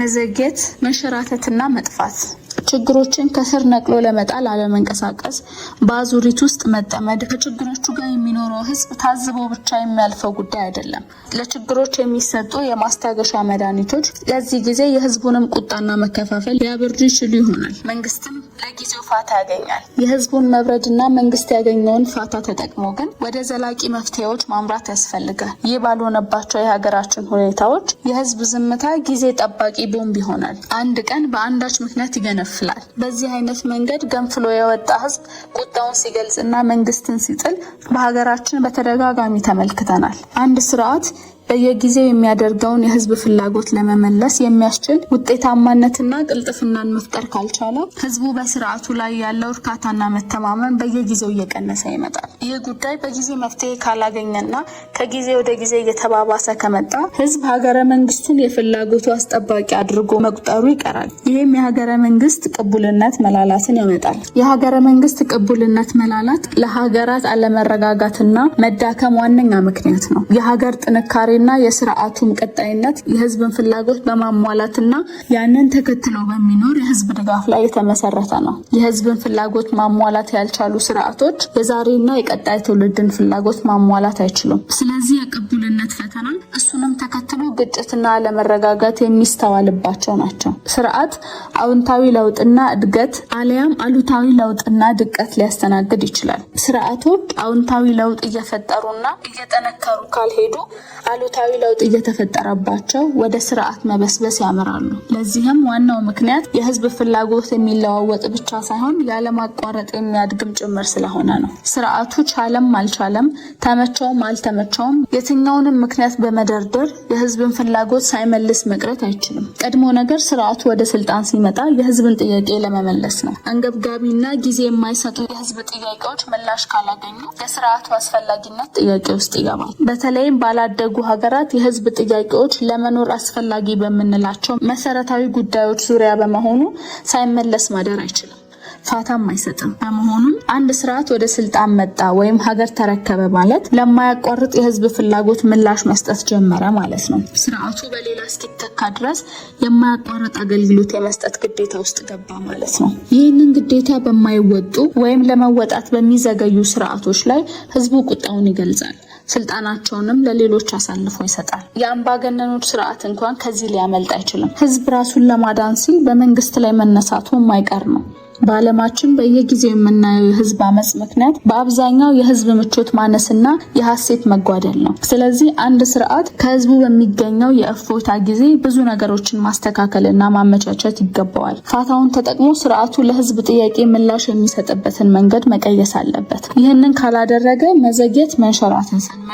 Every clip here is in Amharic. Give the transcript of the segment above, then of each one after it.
መዘግየት፣ መንሸራተትና መጥፋት ችግሮችን ከስር ነቅሎ ለመጣል አለመንቀሳቀስ፣ በአዙሪት ውስጥ መጠመድ ከችግሮቹ ጋር የሚኖረው ህዝብ ታዝቦ ብቻ የሚያልፈው ጉዳይ አይደለም። ለችግሮች የሚሰጡ የማስታገሻ መድኃኒቶች ለዚህ ጊዜ የህዝቡንም ቁጣና መከፋፈል ሊያበርዱ ይችሉ ይሆናል። መንግስትም ለጊዜው ፋታ ያገኛል። የህዝቡን መብረድና መንግስት ያገኘውን ፋታ ተጠቅሞ ግን ወደ ዘላቂ መፍትሄዎች ማምራት ያስፈልጋል። ይህ ባልሆነባቸው የሀገራችን ሁኔታዎች የህዝብ ዝምታ ጊዜ ጠባቂ ቦምብ ይሆናል። አንድ ቀን በአንዳች ምክንያት ይገነፋል። ይከፍላል። በዚህ አይነት መንገድ ገንፍሎ የወጣ ህዝብ ቁጣውን ሲገልጽና መንግስትን ሲጥል በሀገራችን በተደጋጋሚ ተመልክተናል። አንድ ስርዓት በየጊዜው የሚያደርገውን የህዝብ ፍላጎት ለመመለስ የሚያስችል ውጤታማነትና ቅልጥፍናን መፍጠር ካልቻለ ህዝቡ በስርዓቱ ላይ ያለው እርካታና መተማመን በየጊዜው እየቀነሰ ይመጣል። ይህ ጉዳይ በጊዜ መፍትሄ ካላገኘና ከጊዜ ወደ ጊዜ እየተባባሰ ከመጣ ህዝብ ሀገረ መንግስቱን የፍላጎቱ አስጠባቂ አድርጎ መቁጠሩ ይቀራል። ይህም የሀገረ መንግስት ቅቡልነት መላላትን ያመጣል። የሀገረ መንግስት ቅቡልነት መላላት ለሀገራት አለመረጋጋትና መዳከም ዋነኛ ምክንያት ነው። የሀገር ጥንካሬ እና የስርዓቱን ቀጣይነት የህዝብን ፍላጎት በማሟላትና ያንን ተከትለው በሚኖር የህዝብ ድጋፍ ላይ የተመሰረተ ነው። የህዝብን ፍላጎት ማሟላት ያልቻሉ ስርዓቶች የዛሬና የቀጣይ ትውልድን ፍላጎት ማሟላት አይችሉም። ስለዚህ የቅቡልነት ፈተና እሱንም ተከትሎ ግጭትና አለመረጋጋት የሚስተዋልባቸው ናቸው። ስርዓት አዎንታዊ ለውጥና እድገት አሊያም አሉታዊ ለውጥና ድቀት ሊያስተናግድ ይችላል። ስርዓቶች አዎንታዊ ለውጥ እየፈጠሩና እየጠነከሩ ካልሄዱ አሉታዊ ለውጥ እየተፈጠረባቸው ወደ ስርዓት መበስበስ ያመራሉ። ለዚህም ዋናው ምክንያት የህዝብ ፍላጎት የሚለዋወጥ ብቻ ሳይሆን ያለማቋረጥ የሚያድግም ጭምር ስለሆነ ነው። ስርዓቱ ቻለም አልቻለም፣ ተመቸውም አልተመቸውም የትኛውንም ምክንያት በመደርደር የህዝብን ፍላጎት ሳይመልስ መቅረት አይችልም። ቀድሞ ነገር ስርዓቱ ወደ ስልጣን ሲመጣ የህዝብን ጥያቄ ለመመለስ ነው። አንገብጋቢና ጊዜ የማይሰጡ የህዝብ ጥያቄዎች ምላሽ ካላገኙ የስርዓቱ አስፈላጊነት ጥያቄ ውስጥ ይገባል። በተለይም ባላደጉ ሀገራት የህዝብ ጥያቄዎች ለመኖር አስፈላጊ በምንላቸው መሰረታዊ ጉዳዮች ዙሪያ በመሆኑ ሳይመለስ ማደር አይችልም፣ ፋታም አይሰጥም። በመሆኑም አንድ ስርዓት ወደ ስልጣን መጣ ወይም ሀገር ተረከበ ማለት ለማያቋርጥ የህዝብ ፍላጎት ምላሽ መስጠት ጀመረ ማለት ነው። ስርዓቱ በሌላ እስኪተካ ድረስ የማያቋርጥ አገልግሎት የመስጠት ግዴታ ውስጥ ገባ ማለት ነው። ይህንን ግዴታ በማይወጡ ወይም ለመወጣት በሚዘገዩ ስርዓቶች ላይ ህዝቡ ቁጣውን ይገልጻል። ስልጣናቸውንም ለሌሎች አሳልፎ ይሰጣል። የአምባገነኖች ስርዓት እንኳን ከዚህ ሊያመልጥ አይችልም። ህዝብ ራሱን ለማዳን ሲል በመንግስት ላይ መነሳቱ የማይቀር ነው። በዓለማችን በየጊዜው የምናየው የህዝብ አመፅ ምክንያት በአብዛኛው የህዝብ ምቾት ማነስና የሀሴት መጓደል ነው። ስለዚህ አንድ ስርዓት ከህዝቡ በሚገኘው የእፎታ ጊዜ ብዙ ነገሮችን ማስተካከልና ማመቻቸት ይገባዋል። ፋታውን ተጠቅሞ ስርዓቱ ለህዝብ ጥያቄ ምላሽ የሚሰጥበትን መንገድ መቀየስ አለበት። ይህንን ካላደረገ መዘግየት መንሸራተትን፣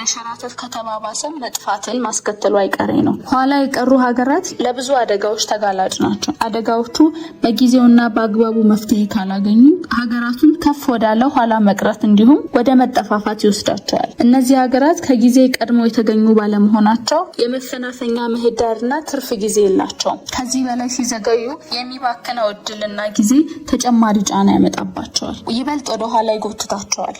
መንሸራተት ከተባባሰም መጥፋትን ማስከተሉ አይቀሬ ነው። ኋላ የቀሩ ሀገራት ለብዙ አደጋዎች ተጋላጭ ናቸው። አደጋዎቹ በጊዜውና በአግባቡ መፍትሄ መፍትሄ ካላገኙ ሀገራቱን ከፍ ወዳለ ኋላ መቅረት እንዲሁም ወደ መጠፋፋት ይወስዳቸዋል። እነዚህ ሀገራት ከጊዜ ቀድሞ የተገኙ ባለመሆናቸው የመፈናፈኛ ምህዳርና ትርፍ ጊዜ የላቸውም። ከዚህ በላይ ሲዘገዩ የሚባክነው እድልና ጊዜ ተጨማሪ ጫና ያመጣባቸዋል። ይበልጥ ወደ ኋላ ይጎትታቸዋል፣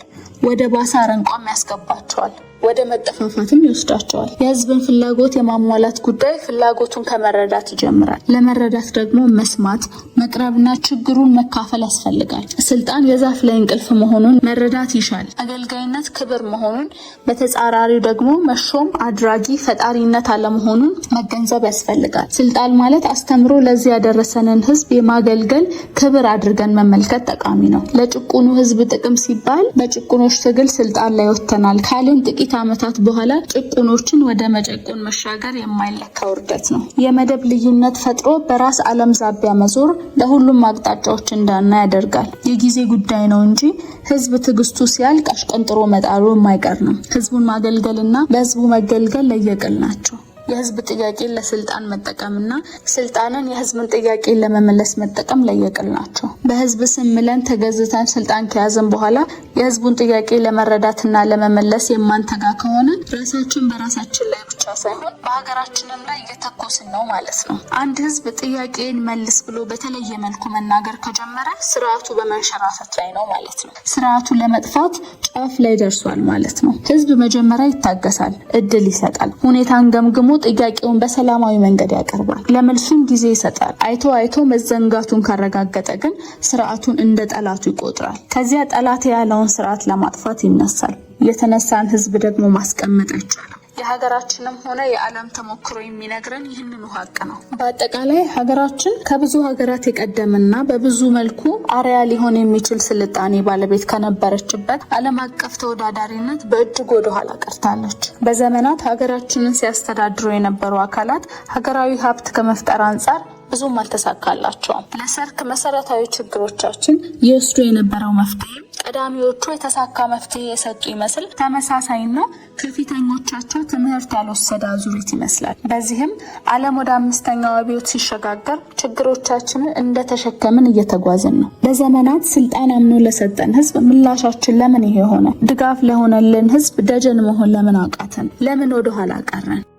ወደ ባሰ አረንቋም ያስገባቸዋል። ወደ መጠፋፋትም ይወስዳቸዋል። የህዝብን ፍላጎት የማሟላት ጉዳይ ፍላጎቱን ከመረዳት ይጀምራል። ለመረዳት ደግሞ መስማት፣ መቅረብና ችግሩን መካፈል ያስፈልጋል። ስልጣን የዛፍ ላይ እንቅልፍ መሆኑን መረዳት ይሻል። አገልጋይነት ክብር መሆኑን፣ በተጻራሪው ደግሞ መሾም አድራጊ ፈጣሪነት አለመሆኑን መገንዘብ ያስፈልጋል። ስልጣን ማለት አስተምሮ ለዚህ ያደረሰንን ህዝብ የማገልገል ክብር አድርገን መመልከት ጠቃሚ ነው። ለጭቁኑ ህዝብ ጥቅም ሲባል በጭቁኖች ትግል ስልጣን ላይ ወጥተናል ካልን ጥቂት ከጥቂት ዓመታት በኋላ ጭቁኖችን ወደ መጨቁን መሻገር የማይለካ ውርደት ነው። የመደብ ልዩነት ፈጥሮ በራስ አለም ዛቢያ መዞር ለሁሉም አቅጣጫዎች እንዳና ያደርጋል። የጊዜ ጉዳይ ነው እንጂ ህዝብ ትዕግስቱ ሲያልቅ አሽቀንጥሮ መጣሉ የማይቀር ነው። ህዝቡን ማገልገልና በህዝቡ መገልገል ለየቅል ናቸው። የህዝብ ጥያቄን ለስልጣን መጠቀምና ስልጣንን የህዝብን ጥያቄ ለመመለስ መጠቀም ለየቅል ናቸው። በህዝብ ስም ምለን ተገዝተን ስልጣን ከያዘን በኋላ የህዝቡን ጥያቄ ለመረዳትና ለመመለስ የማንተጋ ከሆነ ራሳችን በራሳችን ላይ ሳይሆን በሀገራችንም ላይ እየተኮስን ነው ማለት ነው። አንድ ህዝብ ጥያቄን መልስ ብሎ በተለየ መልኩ መናገር ከጀመረ ስርዓቱ በመንሸራተት ላይ ነው ማለት ነው። ስርዓቱ ለመጥፋት ጫፍ ላይ ደርሷል ማለት ነው። ህዝብ መጀመሪያ ይታገሳል፣ እድል ይሰጣል፣ ሁኔታን ገምግሞ ጥያቄውን በሰላማዊ መንገድ ያቀርባል፣ ለመልሱም ጊዜ ይሰጣል። አይቶ አይቶ መዘንጋቱን ካረጋገጠ ግን ስርዓቱን እንደ ጠላቱ ይቆጥራል። ከዚያ ጠላት ያለውን ስርዓት ለማጥፋት ይነሳል። የተነሳን ህዝብ ደግሞ ማስቀመጥ አይቻልም። የሀገራችንም ሆነ የዓለም ተሞክሮ የሚነግረን ይህንኑ ሀቅ ነው። በአጠቃላይ ሀገራችን ከብዙ ሀገራት የቀደምና በብዙ መልኩ አርያ ሊሆን የሚችል ስልጣኔ ባለቤት ከነበረችበት ዓለም አቀፍ ተወዳዳሪነት በእጅጉ ወደኋላ ቀርታለች። በዘመናት ሀገራችንን ሲያስተዳድሩ የነበሩ አካላት ሀገራዊ ሀብት ከመፍጠር አንጻር ብዙም አልተሳካላቸውም። ለሰርክ መሰረታዊ ችግሮቻችን ይወስዱ የነበረው መፍትሄም ቀዳሚዎቹ የተሳካ መፍትሄ የሰጡ ይመስል ተመሳሳይና ከፊተኞቻቸው ትምህርት ያልወሰደ አዙሪት ይመስላል። በዚህም ዓለም ወደ አምስተኛው አብዮት ሲሸጋገር ችግሮቻችንን እንደተሸከምን እየተጓዝን ነው። ለዘመናት ስልጣን አምኖ ለሰጠን ህዝብ ምላሻችን ለምን ይሄ የሆነ ድጋፍ ለሆነልን ህዝብ ደጀን መሆን ለምን አቃተን? ለምን ወደኋላ ቀረን?